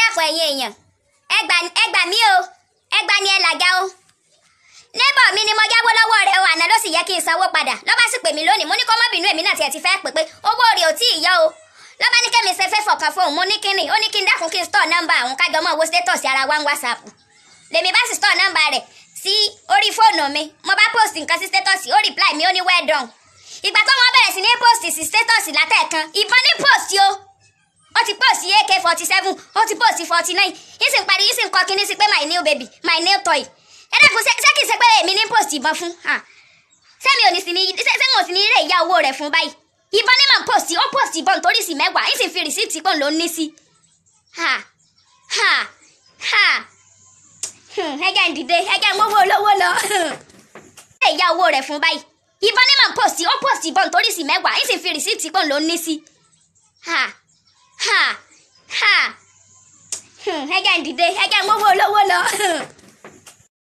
dákun ẹ̀yin èèyàn ẹ gbà mí o ẹ gbà ní ẹ làjà o neighbor mi ni mo yáwó lọ́wọ́ rẹ̀ o àná ló sì yẹ kí n sanwó padà ló bá sì pè mí lónìí mo ní kó má bínú èmi náà tiẹ̀ ti fẹ́ pè pé owó rẹ̀ ò tí ì yọ o ló bá ní kẹ́mi ṣe fẹ́ fọkàn fóun mo ní kíni ó ní kí n dákun kí n store nọ́mbà àwọn kájọ mọ́ owó status ara wa ń whatsapp lèmi bá sì store nọ́mbà rẹ̀ sí orí fóònù mi mo bá post nǹkan sí status ó reply mi ó ní well done ìgbà tó wọn bẹ̀rẹ̀ sí ní post sí status látẹ̀ẹ̀kan ìbọn ní post yóò Forty-seven, ó ti pò sí 49 yín sì ń parí yín sì ń kọ́ kínní sí pé my new baby my new toy ẹ dẹ́kun ṣé kìí ṣe pé èmi ní post ìbọn fún sẹ́mi ò ní sí ní sẹ́mi ò sí ní ilé ìyá owó rẹ̀ fún báyìí ìbọn ní mà ń post ó post ìbọn torí sí mẹ́wàá yín sì fi rìsíìtì pọ̀ ló ní sí. ẹgẹ́ ń dìde ẹgẹ́ ń mówó olówó lọ ilé ìyá owó rẹ̀ fún báyìí ìbọn ní mà ń post ó post ìbọn torí sí mẹ́wàá yín sì fi rìsíìtì pọ̀ ló ní sí ẹ̀jẹ̀ ń dìde ẹ̀jẹ̀ ń gbówó olówó lọ.